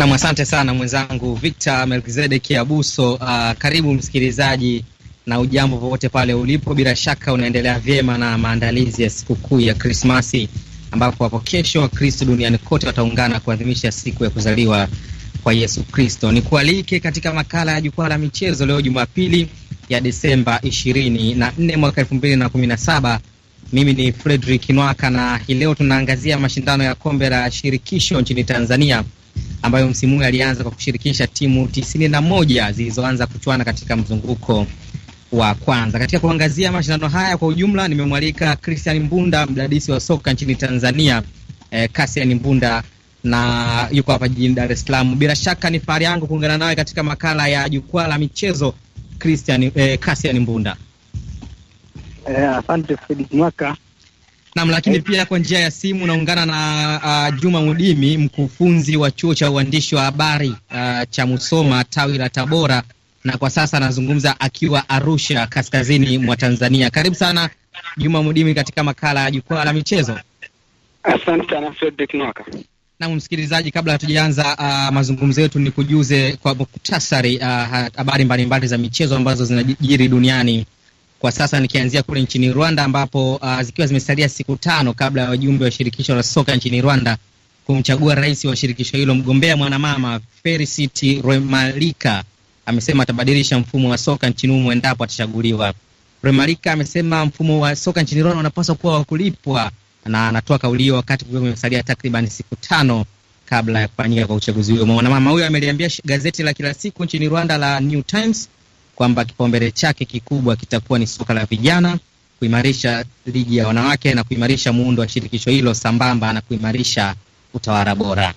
Nam, asante sana mwenzangu Victor Melkizedeki Abuso. Uh, karibu msikilizaji na ujambo popote pale ulipo, bila shaka unaendelea vyema na maandalizi ya sikukuu ya Krismasi ambapo hapo kesho Wakristo duniani kote wataungana kuadhimisha siku ya kuzaliwa kwa Yesu Kristo. Ni kualike katika makala ya jukwaa la michezo leo Jumapili ya Desemba ishirini na nne mwaka elfu na Mimi ni Fredrick Nwaka na hii leo tunaangazia mashindano ya kombe la shirikisho nchini Tanzania ambayo msimu huu alianza kwa kushirikisha timu tisini na moja zilizoanza kuchuana katika mzunguko wa kwanza. Katika kuangazia mashindano haya kwa ujumla, nimemwalika Christian Mbunda, mdadisi wa soka nchini Tanzania. Eh, Kasian Mbunda na yuko hapa jijini Dar es Salaam. Bila shaka ni fahari yangu kuungana nawe katika makala ya jukwaa la michezo Christian, eh, Kasian Mbunda. Eh, asante eh, Fredi Mwaka. Naam, lakini hey, eh. pia kwa njia ya simu naungana na uh, Juma Mudimi, mkufunzi wa chuo cha uandishi wa habari uh, cha Musoma tawi la Tabora, na kwa sasa anazungumza akiwa Arusha, kaskazini mwa Tanzania. Karibu sana Juma Mudimi katika makala ya jukwaa la michezo. Asante sana Fredrick Nwaka. Na msikilizaji, kabla hatujaanza uh, mazungumzo yetu, ni kujuze kwa muktasari habari uh, mbalimbali za michezo ambazo zinajiri duniani kwa sasa, nikianzia kule nchini Rwanda ambapo uh, zikiwa zimesalia siku tano kabla ya wajumbe wa shirikisho la soka nchini Rwanda kumchagua rais wa shirikisho hilo, mgombea mwanamama Felicity Rwemalika amesema atabadilisha mfumo wa soka nchini humo endapo atachaguliwa. Rwemalika amesema mfumo wa soka nchini Rwanda unapaswa kuwa wa kulipwa, na anatoa kauli hiyo wakati kukiwa kumesalia takriban siku tano kabla ya kufanyika kwa uchaguzi huo. Mwanamama huyo ameliambia gazeti la kila siku nchini Rwanda la New Times kwamba kipaumbele chake kikubwa kitakuwa ni soka la vijana, kuimarisha ligi ya wanawake na kuimarisha muundo wa shirikisho hilo sambamba na kuimarisha utawala bora.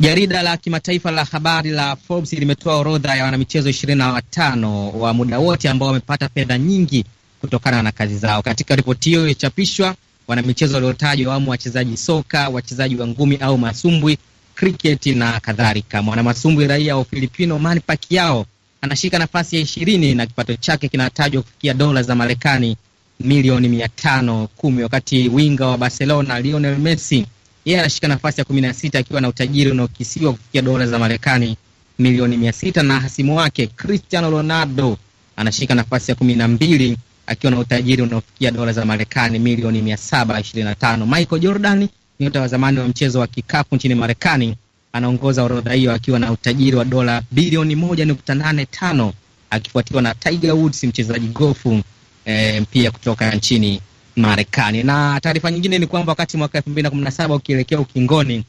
Jarida la kimataifa la habari la Forbes limetoa orodha ya wanamichezo ishirini na watano wa muda wote ambao wamepata fedha nyingi kutokana na kazi zao. Katika ripoti hiyo iliyochapishwa, wanamichezo waliotajwa wamo wachezaji soka, wachezaji wa ngumi au masumbwi, kriketi na kadhalika. Mwanamasumbwi raia wa Ufilipino Manny Pacquiao anashika nafasi ya ishirini na kipato chake kinatajwa kufikia dola za Marekani milioni mia tano kumi wakati winga wa Barcelona Lionel Messi yeye anashika nafasi ya kumi na sita akiwa na utajiri unaokisiwa kufikia dola za Marekani milioni mia sita na hasimu wake Cristiano Ronaldo anashika nafasi ya kumi na mbili akiwa na utajiri unaofikia dola za Marekani milioni mia saba ishirini na tano. Michael Jordan nyota wa zamani wa mchezo wa kikapu nchini Marekani anaongoza orodha hiyo akiwa na utajiri wa dola bilioni moja nukta nane tano akifuatiwa na Tiger Woods mchezaji gofu e, eh, pia kutoka nchini Marekani. Na taarifa nyingine ni kwamba wakati mwaka elfu mbili na kumi na saba ukielekea ukingoni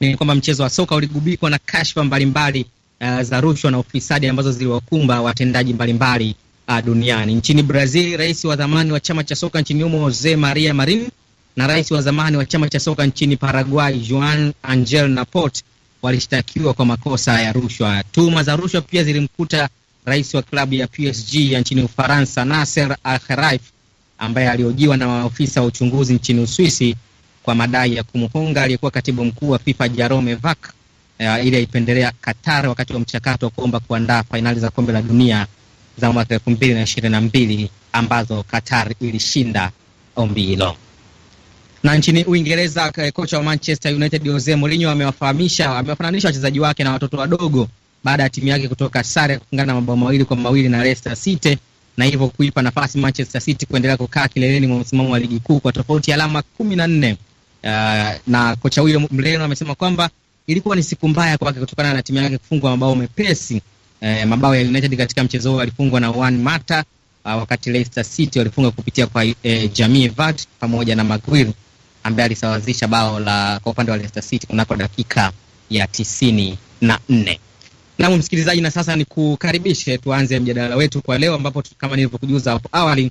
ni kwamba mchezo wa soka uligubikwa na kashfa mbalimbali uh, za rushwa na ufisadi ambazo ziliwakumba watendaji mbalimbali uh, duniani. Nchini Brazil, rais wa zamani wa chama cha soka nchini humo Jose Maria Marin na rais wa zamani wa chama cha soka nchini Paraguay Juan Angel Napot walishtakiwa kwa makosa ya rushwa. Tuhuma za rushwa pia zilimkuta rais wa klabu ya PSG ya nchini Ufaransa, Nasser Al-Khelaifi, ambaye aliojiwa na maafisa wa uchunguzi nchini Uswisi kwa madai ya kumhonga aliyekuwa katibu mkuu wa FIFA Jerome Vak eh, ili aipendelea Qatar wakati wa mchakato wa kuomba kuandaa fainali za kombe la dunia za mwaka elfu mbili na ishirini na mbili ambazo Qatar ilishinda ombi hilo. Na nchini Uingereza, kocha wa Manchester United Jose Mourinho amewafahamisha, amewafananisha wachezaji wake na watoto wadogo baada ya timu yake kutoka sare kufungana na mabao mawili kwa mawili na Leicester City na hivyo kuipa nafasi Manchester City kuendelea kukaa kileleni mwa msimamo wa ligi kuu kwa tofauti ya alama kumi na nne. Uh, na kocha huyo mreno amesema kwamba ilikuwa ni siku mbaya kwake kutokana na timu yake kufungwa mabao mepesi. Uh, mabao ya United katika mchezo huo yalifungwa na Juan Mata, uh, wakati Leicester City walifunga kupitia kwa uh, Jamie Vardy pamoja na Maguire ambaye alisawazisha bao la kwa upande wa Leicester City kunako dakika ya tisini na nne. Naam msikilizaji, na sasa nikukaribishe tuanze mjadala wetu kwa leo, ambapo kama nilivyokujuza hapo awali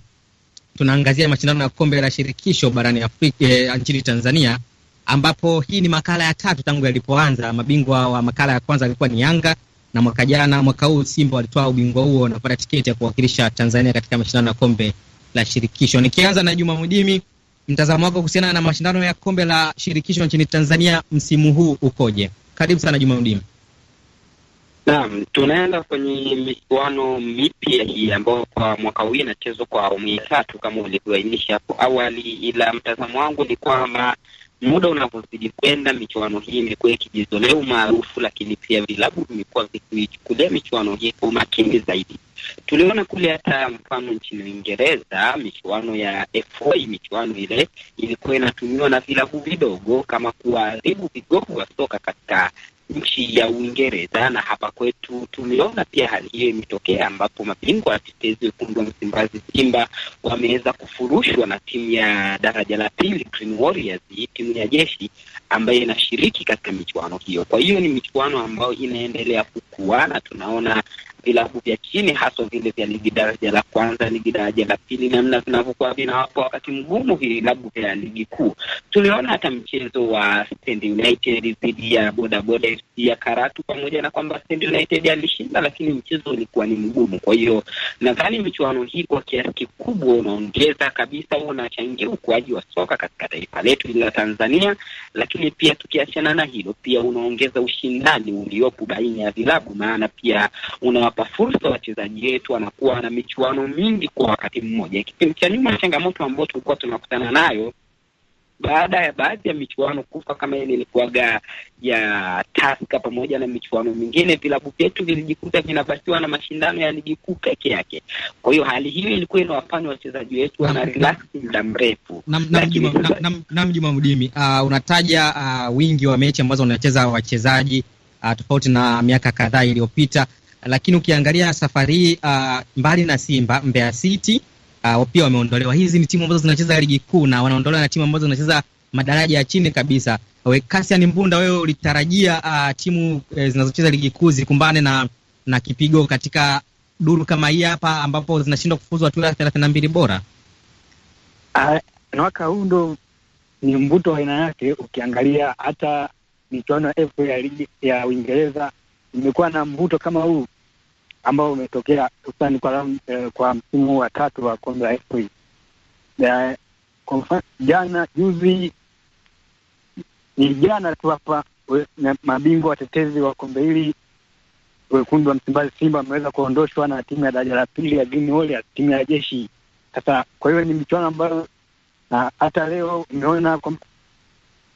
tunaangazia mashindano ya kombe la shirikisho barani Afrika, eh, nchini Tanzania, ambapo hii ni makala ya tatu tangu yalipoanza. Mabingwa wa makala ya kwanza alikuwa ni Yanga na mwaka jana, mwaka huu Simba walitoa ubingwa huo na kupata tiketi ya kuwakilisha Tanzania katika mashindano ya kombe la shirikisho. Nikianza na Juma Mudimi Mtazamo wako kuhusiana na mashindano ya kombe la shirikisho nchini Tanzania msimu huu ukoje? Karibu sana Juma Mdimu. Naam, tunaenda kwenye michuano mipya hii ambayo kwa mwaka huu inachezwa kwa awamu ya tatu kama ulivyoainisha hapo awali, ila mtazamo wangu ni kwamba muda unavyozidi kwenda, michuano hii imekuwa ikijizolea umaarufu, lakini pia vilabu vimekuwa vikiichukulia michuano hii kwa umakini zaidi. Tuliona kule hata mfano nchini Uingereza, michuano ya FA, michuano ile ilikuwa inatumiwa na vilabu vidogo kama kuwaadhibu vigogo wa soka katika nchi ya Uingereza na hapa kwetu tumeona pia hali hiyo imetokea, ambapo mabingwa watetezi wekundu wa Msimbazi Simba wameweza kufurushwa na timu ya daraja la pili Green Warriors, timu ya jeshi ambayo inashiriki katika michuano hiyo. Kwa hiyo ni michuano ambayo inaendelea kukua na tunaona vilabu vya chini haswa vile vya ligi daraja la kwanza, ligi daraja la pili, namna vinavyokuwa vinawapa wakati mgumu vilabu vya ligi kuu. Tuliona hata mchezo wa Stand United dhidi ya Bodaboda FC ya Karatu, pamoja na kwamba Stand United alishinda, lakini mchezo ulikuwa ni mgumu. Kwa hiyo nadhani michuano hii kwa kiasi kikubwa unaongeza kabisa, unachangia ukuaji wa soka katika taifa letu la Tanzania, lakini pia tukiachana na hilo, pia unaongeza ushindani uliopo baina ya vilabu, maana pia una kuwapa fursa wachezaji wetu, wanakuwa na michuano mingi kwa wakati mmoja. Kipindi cha nyuma, changamoto ambayo tulikuwa tunakutana nayo baada ya baadhi ya michuano kufa kama ile ilikuwaga ya Taska pamoja na michuano mingine, vilabu vyetu vilijikuta vinabakiwa na mashindano ya ligi kuu peke yake. Kwa hiyo hali hiyo ilikuwa inawafanya wachezaji wetu wana relax muda mrefu. Naam, Juma Mdimi, uh, unataja uh, wingi wa mechi ambazo wanacheza wachezaji uh, tofauti na miaka kadhaa iliyopita lakini ukiangalia safari hii uh, mbali na Simba, Mbeya City uh, pia wameondolewa. Hizi ni timu ambazo zinacheza ligi kuu na wanaondolewa na timu ambazo zinacheza madaraja ya chini kabisa. We Cassian Mbunda, wewe ulitarajia uh, timu uh, zinazocheza ligi kuu zikumbane na na kipigo katika duru kama hii hapa ambapo zinashindwa kufuzu hatua ya thelathini na mbili bora? Uh, huu ndo ni mvuto wa aina yake. Ukiangalia hata michuano ya FA ya ligi ya Uingereza imekuwa na mvuto kama huu, ambao umetokea hususan kwa, eh, kwa msimu wa tatu wa kombe la FA. kwa mfano jana juzi ni jana tu hapa mabingwa watetezi wa kombe hili wekundu wa Msimbazi Simba ameweza kuondoshwa na timu ya daraja la pili ya Green Warriors, timu ya jeshi. Sasa kwa hiyo ni michuano ambayo hata leo umeona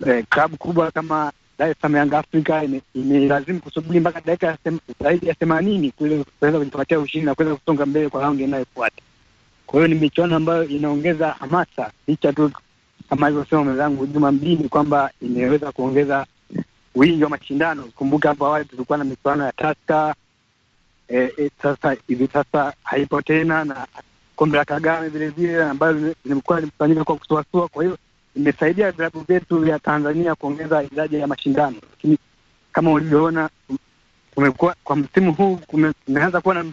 eh, klabu kubwa kama Dar es Salaam Yanga Afrika imelazimu kusubiri mpaka dakika zaidi ya themanini kuweza kujipatia ushindi na kuweza kusonga mbele kwa raundi inayofuata. Kwa hiyo ni michuano ambayo inaongeza hamasa, licha tu kama alivyosema mwenzangu Juma Mdini kwamba imeweza kuongeza wingi wa mashindano. Kumbuka hapo awali tulikuwa na michuano ya Taska e, e, sasa hivi sasa haipo tena, na kombe la Kagame vilevile ambayo limekuwa limefanyika kwa kusuasua. Kwa hiyo imesaidia vilabu vyetu vya Tanzania kuongeza idadi ya mashindano, lakini kama ulivyoona kumekuwa kwa msimu huu kumeanza kuwa na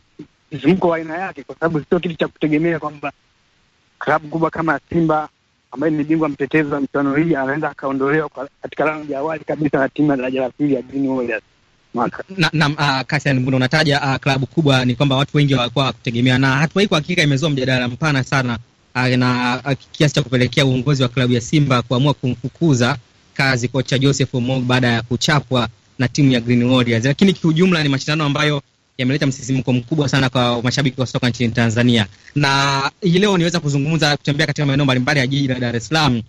mzunguko wa aina yake, kwa sababu sio kitu cha kutegemea kwamba klabu kubwa kama Simba ambaye ni bingwa mtetezi wa michuano hii anaweza akaondolewa katika raundi ya awali kabisa na timu ya daraja la pili ya jini Warriors. Na, na, uh, Kasian unataja uh, klabu kubwa, ni kwamba watu wengi walikuwa wakutegemea na hatua hii kwa hakika imezua mjadala mpana sana na kiasi cha kupelekea uongozi wa klabu ya Simba kuamua kumfukuza kazi kocha Joseph Omog baada ya kuchapwa na timu ya Green Warriors. Lakini kiujumla ni mashindano ambayo yameleta msisimko mkubwa sana kwa mashabiki wa soka nchini Tanzania, na hii leo niweza kuzungumza, kutembea katika maeneo mbalimbali ya jiji la Dar es Salaam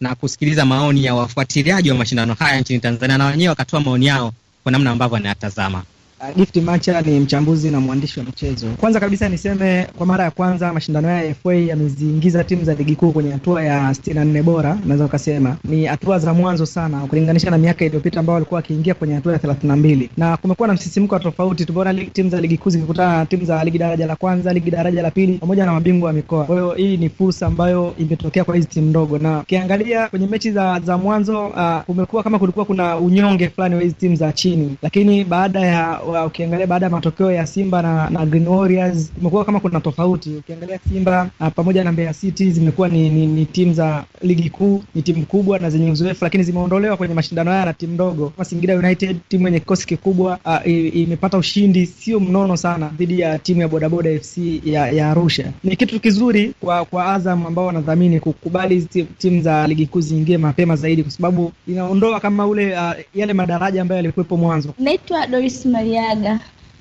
na kusikiliza maoni ya wafuatiliaji wa mashindano haya nchini Tanzania, na wenyewe wakatoa maoni yao kwa namna ambavyo anayatazama. Uh, Gift Macha ni mchambuzi na mwandishi wa michezo. Kwanza kabisa niseme kwa mara ya kwanza mashindano ya FA yameziingiza timu za ligi kuu kwenye hatua ya 64 bora, naweza ukasema ni hatua za mwanzo sana ukilinganisha na miaka iliyopita ambao walikuwa wakiingia kwenye hatua ya 32, na kumekuwa na msisimko tofauti. Tumeona timu za ligi kuu zikikutana na timu za ligi daraja la kwanza, ligi daraja la pili, pamoja na mabingwa wa mikoa. Kwa hiyo hii ni fursa ambayo imetokea kwa hizi timu ndogo, na ukiangalia kwenye mechi za, za mwanzo uh, kumekuwa kama kulikuwa kuna unyonge fulani wa hizi timu za chini, lakini baada ya ukiangalia baada ya matokeo ya Simba na, na Green Warriors imekuwa kama kuna tofauti. Ukiangalia Simba uh, pamoja na Mbeya City zimekuwa ni, ni, ni timu za ligi kuu, ni timu kubwa na zenye uzoefu, lakini zimeondolewa kwenye mashindano haya na timu ndogo kama Singida United, timu yenye kikosi kikubwa uh, imepata ushindi sio mnono sana dhidi ya timu ya Bodaboda FC ya, ya Arusha. Ni kitu kizuri kwa, kwa Azam ambao wanadhamini kukubali timu za ligi kuu ziingie mapema zaidi, kwa sababu inaondoa kama ule uh, yale madaraja ambayo yalikuwepo mwanzo. Naitwa Doris Maria yaga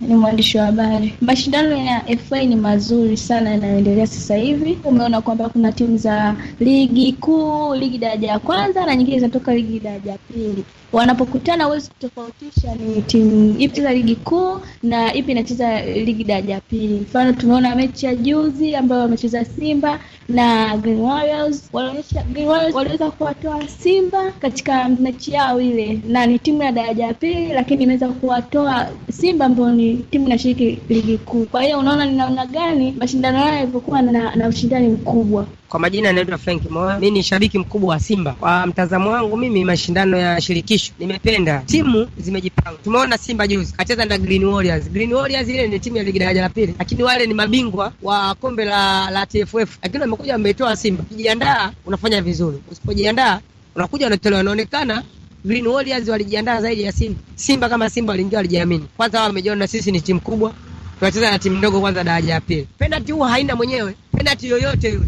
ni mwandishi wa habari. Mashindano ya FA ni mazuri sana yanayoendelea sasa hivi. Umeona kwamba kuna timu za ligi kuu, ligi daraja ya kwanza na nyingine zinatoka ligi daraja ya pili wanapokutana huwezi kutofautisha ni timu ipi za ligi kuu na ipi inacheza ligi daraja pili. Mfano, tumeona mechi ya juzi ambayo wamecheza Simba na Green Warriors, walionyesha Green Warriors waliweza kuwatoa Simba katika mechi yao ile, na ni timu ya daraja pili, lakini imeweza kuwatoa Simba ambayo ni timu inashiriki ligi kuu. Kwa hiyo unaona ni namna gani mashindano haya yalivyokuwa na, na ushindani mkubwa. Kwa majina yanaitwa Frank Moya, Mimi ni shabiki mkubwa wa Simba. Kwa mtazamo wangu mimi, mashindano ya shirikisho nimependa, timu zimejipanga. Tumeona Simba juzi kacheza na Green Warriors. Green Warriors ile ni timu ya ligi daraja la pili, lakini wale ni mabingwa wa kombe la, la TFF, lakini wamekuja wameitoa Simba. Ukijiandaa unafanya vizuri, usipojiandaa unakuja unatolewa. Inaonekana Green Warriors walijiandaa zaidi ya Simba. Simba kama Simba waliingia, walijiamini. Kwanza wao wamejiona sisi ni timu kubwa, tunacheza na timu ndogo, kwanza daraja la pili. Penalty huwa haina mwenyewe, penalty yoyote yule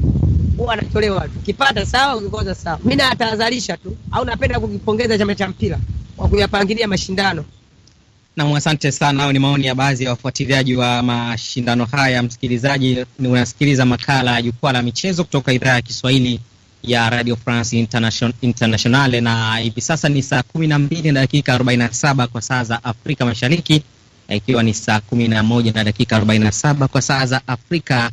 huwa anatolewa tu, ukipata sawa, ukikosa sawa. Mimi natahadharisha tu au napenda kukipongeza chama cha mpira kwa kuyapangilia mashindano. Nam, asante sana. Hayo ni maoni ya baadhi ya wafuatiliaji wa mashindano haya. Msikilizaji, ni unasikiliza makala ya Jukwaa la Michezo kutoka idhaa ya Kiswahili ya Radio France International, Internationale, na hivi sasa ni saa kumi na mbili na dakika arobaini saba kwa saa za Afrika Mashariki, ikiwa ni saa kumi na moja na dakika arobaini saba kwa saa za Afrika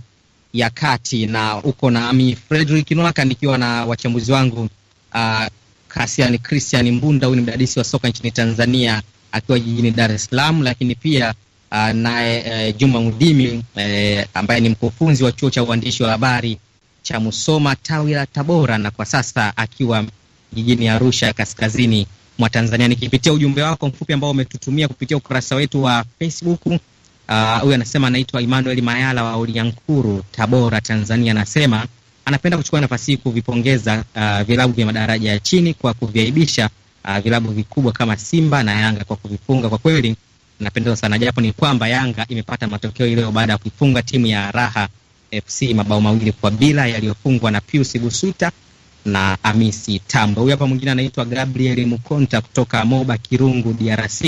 ya kati, na uko nami Fredrick Nwaka nikiwa na wachambuzi wangu uh, Kasiani Christian Mbunda, huyu ni mdadisi wa soka nchini Tanzania akiwa jijini Dar es Salaam, lakini pia uh, naye uh, Juma Mudimi uh, ambaye ni mkufunzi wa chuo cha uandishi wa habari cha Musoma tawi la Tabora, na kwa sasa akiwa jijini Arusha kaskazini mwa Tanzania. Nikipitia ujumbe wako mfupi ambao umetutumia kupitia ukurasa wetu wa Facebook Ah, huyu uh, anasema anaitwa Emmanuel Mayala wa Uliankuru, Tabora, Tanzania. Anasema anapenda kuchukua nafasi hii kuvipongeza uh, vilabu vya madaraja ya chini kwa kuviaibisha uh, vilabu vikubwa kama Simba na Yanga kwa kuvifunga. Kwa kweli napendeza sana, japo ni kwamba Yanga imepata matokeo ileo baada ya kuifunga timu ya Raha FC mabao mawili kwa bila yaliyofungwa na Pius Busuta na Amisi Tambo. Huyu hapa mwingine anaitwa Gabriel Mukonta kutoka Moba Kirungu, DRC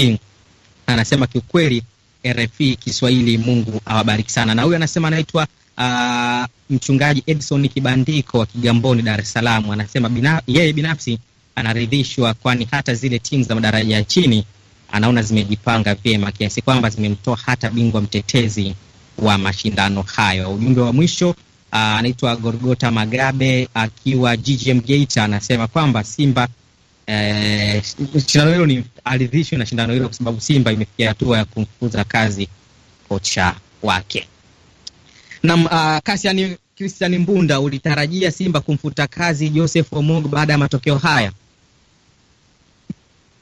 anasema kiukweli RFI Kiswahili. Mungu awabariki sana. Na huyu anasema anaitwa uh, mchungaji Edson Kibandiko wa Kigamboni, Dar es Salaam. Anasema bina, yeye binafsi anaridhishwa, kwani hata zile timu za madaraja ya chini anaona zimejipanga vyema kiasi kwamba zimemtoa hata bingwa mtetezi wa mashindano hayo. Ujumbe wa mwisho ah, anaitwa Gorgota Magabe akiwa GGM Geita, anasema kwamba Simba eh, shindano hilo ni aridhishwe na shindano hilo, kwa sababu Simba imefikia hatua ya kumfukuza kazi kocha wake. Na uh, ah, Kasiani Christian Mbunda, ulitarajia Simba kumfuta kazi Joseph Omog baada ya matokeo haya?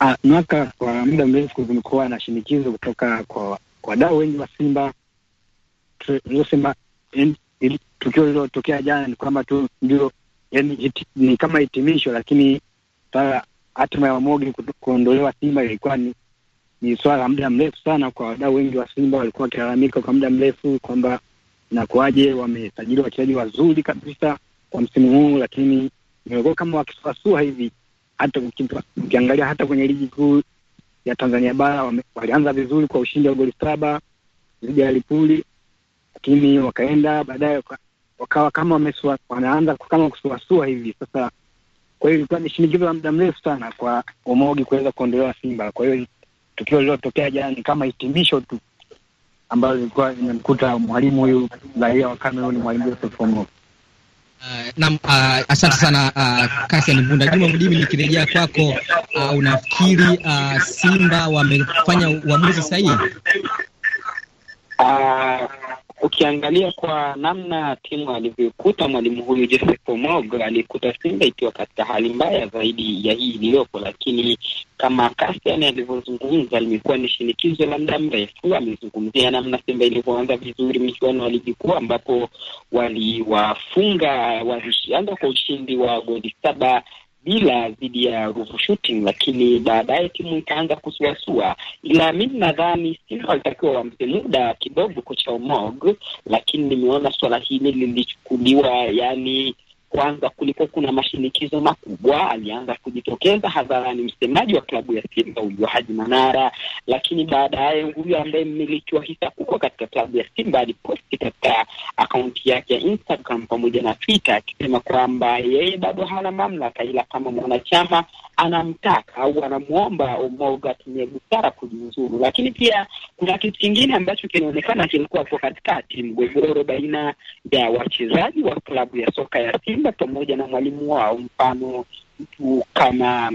Ah, mwaka kwa muda mrefu kumekuwa na shinikizo kutoka kwa wadau wengi wa Simba. Tunasema tukio lililotokea jana ni kwamba tu ndio, yani, ni kama hitimisho, lakini hatima ya Wamoge kuondolewa Simba ilikuwa ni, ni swala la muda mrefu sana. Kwa wadau wengi wa Simba walikuwa wakilalamika kwa muda mrefu kwamba inakuwaje wamesajili wachezaji wazuri kabisa kwa msimu huu, lakini imekuwa kama wakisuasua hivi. Hata ukiangalia hata kwenye ligi kuu ya Tanzania bara walianza vizuri kwa ushindi wa goli saba dhidi ya Lipuli, lakini wakaenda baadaye wakawa kama wanaanza kama kusuasua hivi sasa kwa hiyo ilikuwa ni shinikizo la muda mrefu sana kwa Omogi kuweza kuondolewa Simba. Kwa hiyo tukio lililotokea jana ni kama hitimisho tu ambalo lilikuwa limemkuta mwalimu huyu raia wa Cameroon, mwalimu Joseph Omogi. Uh, nam uh, asante sana uh, Kassian Mvunda. Juma Mdimi, nikirejea kwako, uh, unafikiri uh, Simba wamefanya uamuzi sahihi? Uh, ukiangalia kwa namna timu alivyokuta mwalimu huyu Joseph Omog alikuta Simba ikiwa katika hali mbaya zaidi ya hii iliyopo, lakini kama Kasian alivyozungumza, limekuwa ni shinikizo la muda mrefu. Amezungumzia namna Simba ilivyoanza vizuri michuano ya ligi kuu ambapo waliwafunga, walianza kwa ushindi wa goli saba bila dhidi ya Ruvu Shooting, lakini baadaye timu ikaanza kusuasua, ila mimi nadhani Simba walitakiwa wampe muda kidogo kocha Omog, lakini nimeona swala hili lilichukuliwa yani kwanza kulikuwa kuna mashinikizo makubwa, alianza kujitokeza hadharani msemaji wa klabu ya Simba huyo Haji Manara, lakini baadaye huyo ambaye mmiliki wa hisa kubwa katika klabu ya Simba aliposti katika akaunti yake ya Instagram pamoja na Twitter akisema kwamba yeye bado hana mamlaka, ila kama mwanachama anamtaka au anamwomba umoga atumie busara kujiuzuru. Lakini pia kuna kitu kingine ambacho kinaonekana kilikuwa hapo katikati, mgogoro baina ya wachezaji wa klabu ya soka ya Simba wanaenda pamoja na mwalimu wao, mfano mtu kama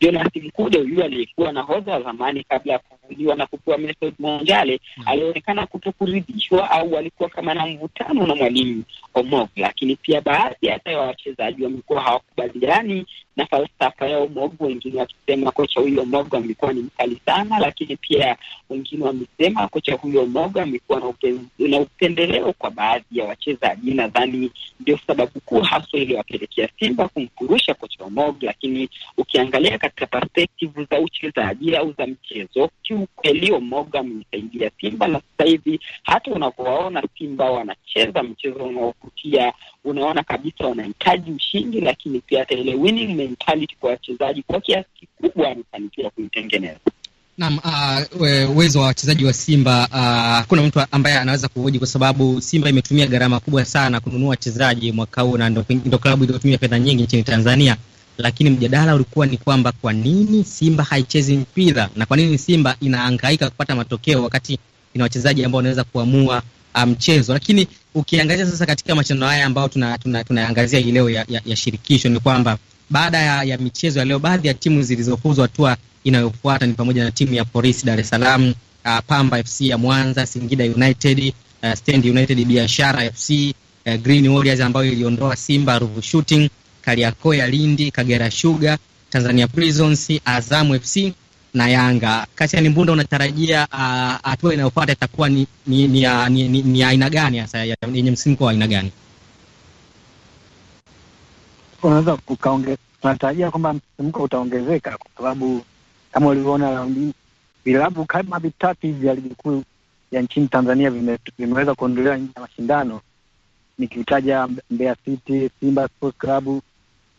Jonas Mkude huyu aliyekuwa nahodha wa zamani kabla ya kuvuliwa na kupewa Mesut Mwanjale mm. alionekana kutokuridhishwa au alikuwa kama na mvutano na mwalimu Omog, lakini pia baadhi hata ya wachezaji wamekuwa hawakubaliani na falsafa yao mwovu, wengine wakisema kocha huyo mogo amekuwa ni mkali sana, lakini pia wengine wamesema kocha huyo mogo amekuwa na, upendeleo kwa baadhi ya wachezaji. Nadhani ndio sababu kuu haswa iliyowapelekea Simba kumfurusha kocha mwovu, lakini ukiangalia katika perspektivu za uchezaji au za mchezo, kiukweli mwovu amesaidia Simba, na sasa hivi hata unapowaona Simba wanacheza mchezo unaovutia unaona kabisa wanahitaji ushindi, lakini pia hata ile winning mentality kwa wachezaji kwa kiasi kikubwa amefanikiwa kuitengeneza. Naam, ah, uwezo wa wachezaji wa Simba hakuna ah, uh, mtu ambaye anaweza kuhoji, kwa sababu Simba imetumia gharama kubwa sana kununua wachezaji mwaka huu, na ndo klabu iliyotumia fedha nyingi nchini Tanzania. Lakini mjadala ulikuwa ni kwamba kwa nini Simba haichezi mpira na kwa nini Simba inaangaika kupata matokeo wakati ina wachezaji ambao wanaweza kuamua ah, mchezo um, lakini ukiangazia sasa katika mashindano haya ambayo tunaangazia tuna, tuna hii leo ya, ya, ya shirikisho ni kwamba baada ya, ya michezo ya leo baadhi ya timu zilizofuzwa hatua inayofuata ni pamoja na timu ya Polisi Dar es Salaam, uh, Pamba FC ya Mwanza, Singida United, uh, Stand United, Biashara FC, uh, Green Warriors ambayo iliondoa Simba, Ruvu Shooting, Kariakoo ya Lindi, Kagera Sugar, Tanzania Prisons, Azamu FC na Yanga. Kassian Mbunda, unatarajia uh, hatua uh, inayofuata itakuwa ni ni, ni, ni, ni, ni aina gani hasa yenye msimko wa aina gani? Unaweza ukaonge, unatarajia kwamba msimko utaongezeka kwa sababu kama ulivyoona raundi vilabu kama vitatu hivi vya ligi kuu ya nchini Tanzania vime, vimeweza kuondolewa nje ya mashindano nikitaja Mbeya City, Simba Sports Club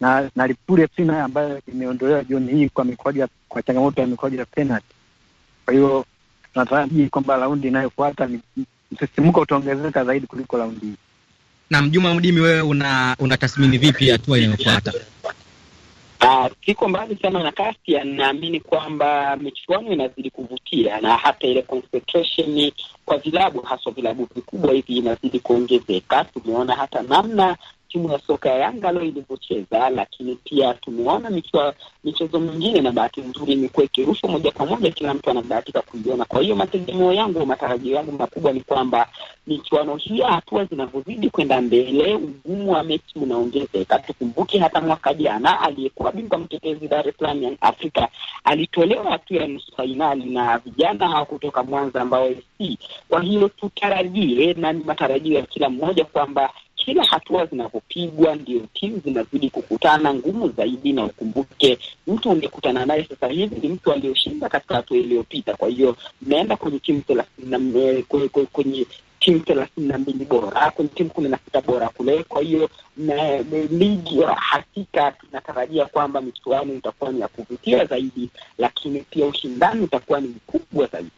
na na Lipuli FC nayo ambayo imeondolewa jioni hii kwa mikwaju kwa changamoto ya mikwaju ya penalty. Kwa hiyo tunatarajii kwamba raundi inayofuata ni msisimko utaongezeka zaidi kuliko raundi hii. Na Mjuma Mdimi, wewe una unatathmini vipi hatua inayofuata? Uh, kiko mbali sana na kasi. Naamini kwamba michuano inazidi kuvutia na hata ile concentration kwa vilabu haswa vilabu vikubwa hivi inazidi kuongezeka. Tumeona hata namna timu ya soka ya Yanga leo ilivyocheza, lakini pia tumeona michezo mingine, na bahati nzuri imekuwa ikirushwa moja kwa moja, kila mtu anabahatika kuiona. Kwa hiyo mategemeo yangu, matarajio yangu makubwa ni kwamba michuano hii, hatua zinavyozidi kwenda mbele, ugumu wa mechi unaongezeka. Tukumbuke hata mwaka jana aliyekuwa bingwa mtetezi Dar es Salaam Afrika alitolewa hatua ya nusu fainali na vijana hawa kutoka Mwanza ambao SC. Kwa hiyo tutarajie, na ni matarajio ya kila mmoja kwamba kila hatua zinapopigwa ndio timu zinazidi kukutana ngumu zaidi, na ukumbuke mtu ungekutana naye sasa hivi ni mtu aliyoshinda katika hatua iliyopita. Kwa hiyo mmeenda kwenye timu thelathini na eh, kwenye timu thelathini na mbili bora kwenye timu kumi na sita bora kule. Kwa hiyo eh, ligi hakika tunatarajia kwamba michuano itakuwa ni ya kuvutia zaidi, lakini pia ushindani utakuwa ni mkubwa zaidi.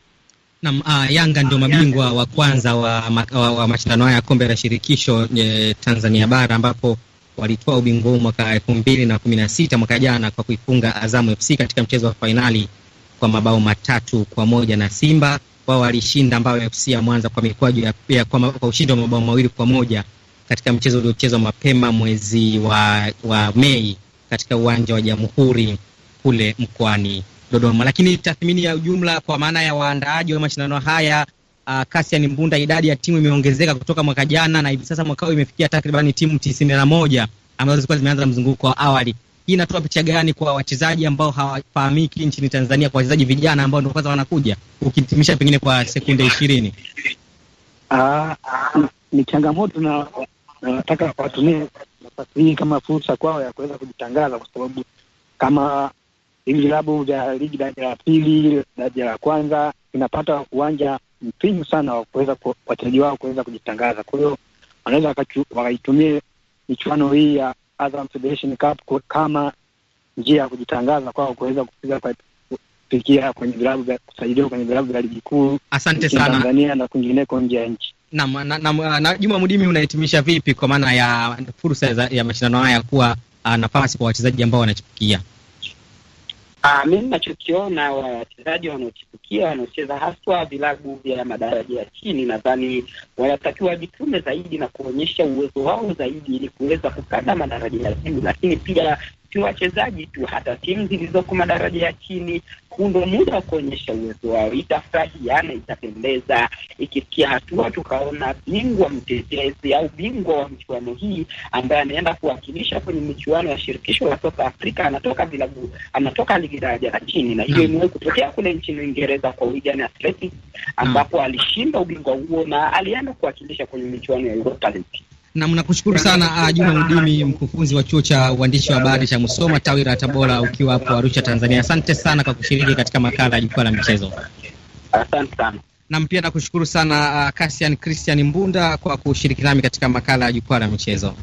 Naam, ah, Yanga ndio mabingwa wa kwanza wa, wa, wa mashindano haya ya kombe la shirikisho e, Tanzania bara ambapo walitoa ubingwa huu mwaka elfu mbili na kumi na sita mwaka jana kwa kuifunga Azamu FC katika mchezo wa fainali kwa mabao matatu kwa moja na Simba wao walishinda Mbao FC ya Mwanza kwa mikwaju ya, ya, kwa, kwa ushindi wa mabao mawili kwa moja katika mchezo uliochezwa mapema mwezi wa, wa Mei katika uwanja wa Jamhuri kule mkoani Dodoma. Lakini tathmini ya ujumla kwa maana ya waandaaji wa mashindano haya Uh, Kasian Mbunda, idadi ya timu imeongezeka kutoka mwaka jana na hivi sasa mwaka huu imefikia takribani timu tisini na moja ambazo zilikuwa zimeanza mzunguko wa awali. Hii inatoa picha gani kwa wachezaji ambao hawafahamiki nchini Tanzania, kwa wachezaji vijana ambao ndio kwanza wanakuja, ukitimisha pengine kwa sekunde ishirini? Uh, ni changamoto na nataka watumie nafasi hii kama fursa kwao ya kuweza kujitangaza, kwa sababu kama vilabu vya ligi daraja la pili, daraja la kwanza vinapata uwanja mpimu sana wa kuweza wachezaji wao kuweza kujitangaza. Kwa hiyo wanaweza wakaitumia michuano hii ya Azam Federation Cup kama njia ya kujitangaza kwao kuweza kupiga kufikia kwenye vilabu vya kusajiliwa kwenye vilabu vya ligi kuu. Asante sana Tanzania na kwingineko nje ya nchi. Na, na, na, na Juma Mudimi, unahitimisha vipi kwa maana ya fursa ya mashindano haya kuwa ah, nafasi kwa wachezaji ambao wanachipukia? Ah, mimi nachokiona wachezaji wanaochipukia wanaocheza haswa vilabu vya madaraja ya chini, nadhani wanatakiwa wajitume zaidi na kuonyesha uwezo wao zaidi ili kuweza kukanda madaraja ya juu, lakini pia si wachezaji tu, hata timu zilizoko madaraja ya chini. Huu ndo muda wa kuonyesha uwezo wao. Itafurahiana, itapendeza. Ikifikia hatua tukaona bingwa mtetezi au bingwa wa michuano hii ambaye anaenda kuwakilisha kwenye michuano ya shirikisho la soka Afrika anatoka vilabu, anatoka ligi daraja la chini, na hiyo hmm. imewahi kutokea kule nchini Uingereza kwa Wigan Athletic hmm. ambapo alishinda ubingwa huo na alienda kuwakilisha kwenye michuano ya Europa League na mnakushukuru sana ah, Juma Mdimi, mkufunzi wa chuo cha uandishi wa habari cha Musoma tawi la Tabora, ukiwa hapo Arusha, Tanzania. Asante sana kwa kushiriki katika makala ya jukwaa la michezo. Asante sana nam, pia nakushukuru sana ah, Cassian Christian Mbunda kwa kushiriki nami katika makala ya jukwaa la michezo.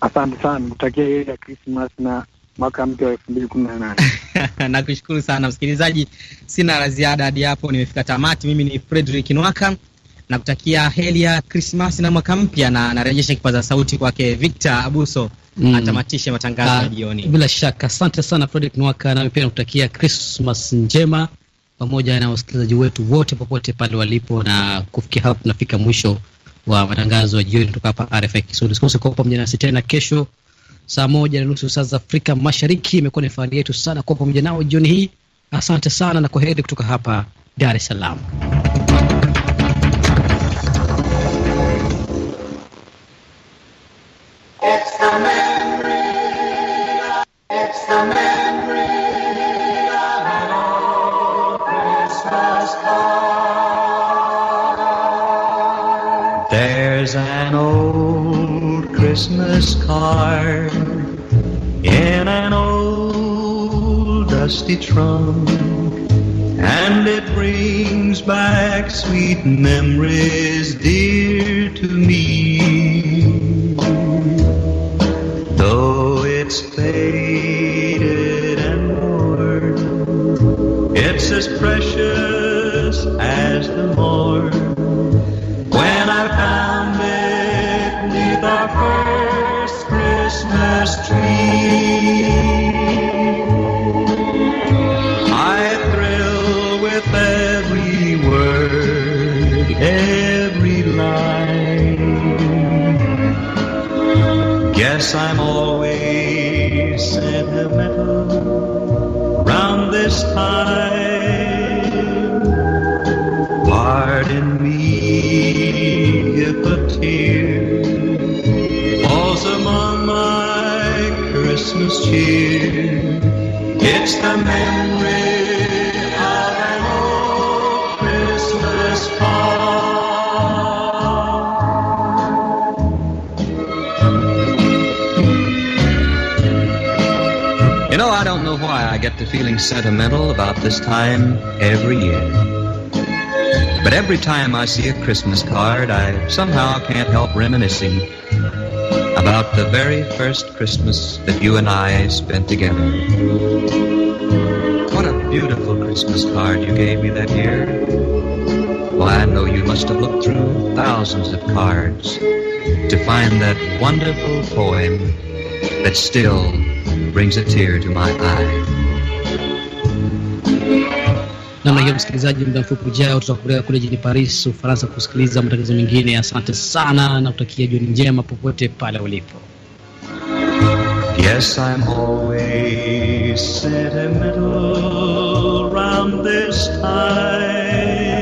Asante sana, nikutakia yeye ya Christmas na mwaka mpya wa elfu mbili kumi na nane. Nakushukuru sana msikilizaji, sina la ziada hadi hapo nimefika tamati. Mimi ni Fredrick Nwaka na kutakia heri ya Krismasi na mwaka mpya, na anarejesha kipaza sauti kwake Victor Abuso mm. atamatishe matangazo ya ah, jioni. Bila shaka asante sana Fredrick Nwaka, nami pia nakutakia Krismas njema pamoja na wasikilizaji wetu wote popote pale walipo, na kufikia hapo tunafika mwisho wa matangazo ya jioni kutoka hapa RFI Kiswahili. Usikose kuwa pamoja nasi tena kesho saa moja na nusu saa za Afrika Mashariki. Imekuwa ni fahari yetu sana kuwa pamoja nao jioni hii. Asante sana na kwaheri kutoka hapa Dar es Salaam. It's the memory. It's the memory of an old Christmas card. There's an old Christmas card in an old dusty trunk, and it brings back sweet memories dear to me. every line. Guess I'm always sentimental round this time. Pardon me if a tear falls among my Christmas cheer. It's the man. sentimental about this time every year. But every time I see a Christmas card, I somehow can't help reminiscing about the very first Christmas that you and I spent together. What a beautiful Christmas card you gave me that year. Why, I know you must have looked through thousands of cards to find that wonderful poem that still brings a tear to my eye. Namna hiyo, msikilizaji, muda mfupi ujao tutakupeleka kule jijini Paris, Ufaransa, kusikiliza matangazo mengine. Asante sana na kutakia jioni njema popote pale ulipo. Yes, I'm always sentimental around this time.